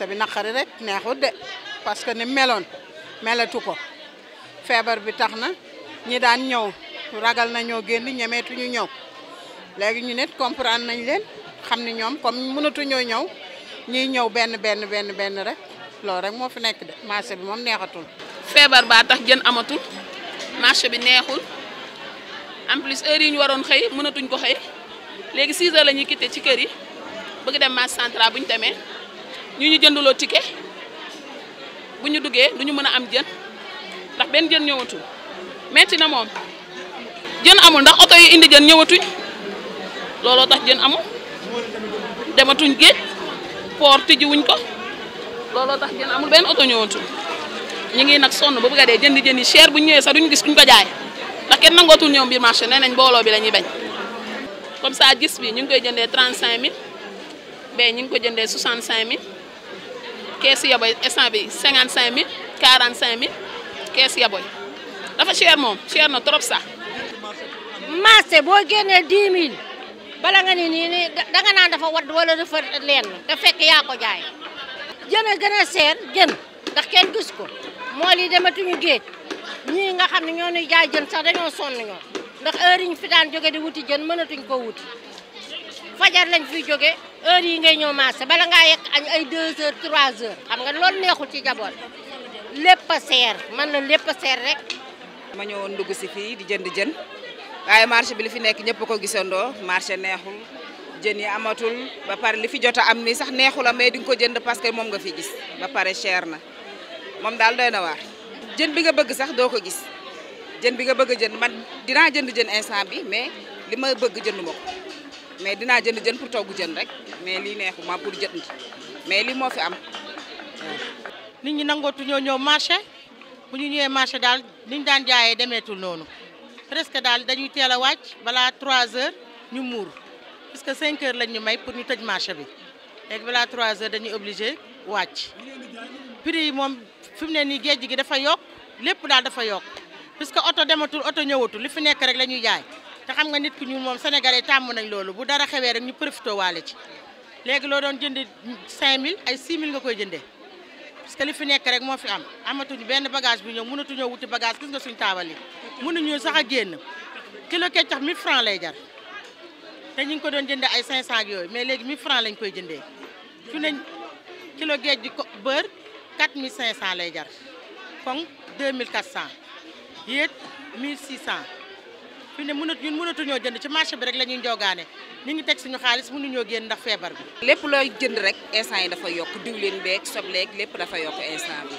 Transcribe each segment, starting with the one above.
marché bi naqari rek neexut de parce que ni meloon melatu ko feebar bi tax na ñi daan ñëw ragal na ñoo génn ñemeetu ñu ñëw léegi ñu nit comprendre nañ leen xam ni ñoom comme mënatu ñoo ñëw ñuy ñëw benn benn benn benn rek loolu rek moo fi nekk de marché bi moom neexatul. feebar baa tax jën amatul marché bi neexul en plus heure yi ñu waroon xëy mënatuñ ko xëy léegi 6 heures la ñuy quitté ci kër yi dem marché central bu ñu demee. ñu ñu jënduloo ticket bu ñu duggee du ñu mën am jën ndax ben jën ñëwatu metti na mom jën amul ndax auto yi indi jën ñëwatuñ lolo tax jën amul dematuñ géej port tijjiwuñ ko lolo tax jën amul ben auto ñëwatu ñi ngi nak sonu bu bëgga dé jënd jëndi jën yi cher bu ñëwé sax duñu gis kuñ ko jaay ndax kenn nangotul ñom biir marché nenañ bolo bi lañuy bañ comme ça gis bi ñu ngi koy jëndé 35000 bé ñu ngi ko jëndé 65000 kees yaboy instant bi cinquante cinq mille quarante cinq mille ya boy? yaboy dafa cher moom cher na trop ça. Masse, boo génnee dix mille bala nga ni ni. nii nii danga naan dafa wadd wala dafa leen te fekk ya ko jay. jën a gën a seer jën ndax kenn gis ko mool yi dematuñu géej ñii nga xamni ñoo ñuy jaay jën sax dañoo son ñoo. ndax heure yi fi daan joge di wuti jën mënatuñ ko wuti. fajar lañ fi jóge heure yi ngay ñëw marché bala ngaa yekk añ ay 2 heures 3 heures xam nga loolu neexul ci jaboot lépp a seer man na lépp a seer rek. ma ñëwoon dugg si fii di jënd jën waaye marché bi li fi nekk ñëpp ko gisandoo marché neexul jën yi amatul ba pare li fi jot am nii sax neexul a mais di ko jënd parce que moom nga fi gis ba pare cher na moom daal doy na waar. jën bi nga bëgg sax doo ko gis jën bi nga bëgg jënd man dinaa jënd jën instant bi mais li ma bëgg jënd ko. mais dinaa jënd jën pour togg jën rek mais lii neexuma pour jënd mais lii moo fi am nit ñi nangootu ñoo ñëw marché bu ñu ñëwee marché daal ni ñu daan jaayee demeetul noonu presque daal dañuy teel a wàcc balaa trois heures ñu muur parce que cinq heures lañ ñu may pour ñu tëj marché bi léegi balaa trois heures dañuy obligé wàcc. prix yi moom fi mu ne nii géej gi dafa yokk lépp daal dafa yokk que oto dematul oto ñëwatul li fi nekk rek la ñuy jaay. te xam nga nit ku ñu moom sénégalais tàmm nañ loolu bu dara xewee rek ñu profité waale ci léegi loo doon jënd 5000 ay 6000 nga koy jëndee parce li fi nekk rek moo fi am amatuñu benn bagage bi ñoom mënatuñoo wuti bagage gis nga suñ taabal yi mënuñu sax a génn kilo keccax 1000 francs lay jar te ñu ngi ko doon jëndee ay 500 ak yooyu mais léegi 1000 francs lañ koy jëndee fu nañ kilo géej gi ko beurre 4500 lay jar kon 2400 yéet 1600. fi ne mënatu a mënatuñoo jënd ci marché bi rek la ñuy njogaane ñu ngi teg suñu xaalis mënuñoo génn ndax feebar bi. lépp looy jënd rek instant yi dafa yokk diwlin beeg sobleeg lépp dafa yokk instant bi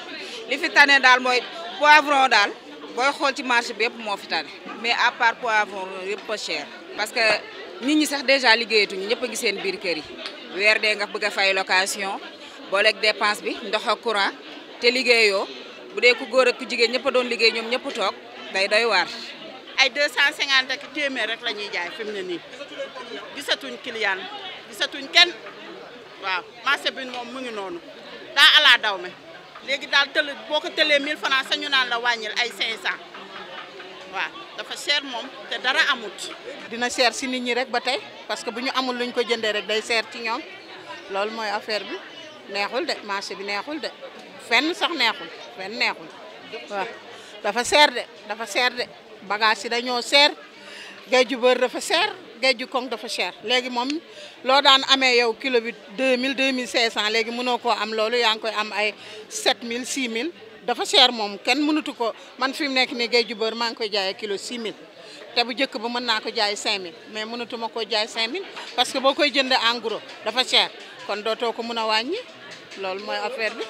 li fi tane daal mooy poivron daal booy xool ci marché bi yëpp moo fi tane mais à part poivron yëpp pas cher. parce que nit ñi sax déjà liggéeyatuñu ñëpp a ngi seen biir kër yi weer dee nga bëgg a fay location booleeg dépense bi ndox ak courant te liggéeyoo bu dee ku góor ak ku jigéen ñëpp doon liggéey ñoom ñëpp toog day doy waar. ay deux cent cinquante ak téeméer rek la ñuy jaay fi mu ne nii gisatuñ kiliyan gisatuñ kenn waaw marché bi moom mu ngi noonu daa alaa daw me léegi daal tële boo ko tëlee mille francs sañu naan la wàññil ay cinq cent waaw dafa cher moom te dara amut dina cher si nit ñi rek ba tey parce que bu ñu amul luñ ko jëndee rek day cher ci ñoom loolu mooy affaire bi neexul de marché bi neexul de fenn sax neexul fenn neexul waaw dafa cher de dafa cher de bagage yi dañoo seer géeju bër dafa seer géeju koŋ dafa cher léegi moom loo daan amee yow kilo bi 2000 2500 léegi mënoo koo am loolu yaa ngi koy am ay 7000 6000 dafa cher moom kenn mënatu ko man fi mu nekk nii géeju bër maa ngi koy jaayee kilo 6000 te bu njëkk ba mën naa ko jaay 5000 mais mënatu ma ko jaay 5000 parce que boo koy jënd en dafa cher kon dootoo ko mën a wàññi loolu mooy affaire bi.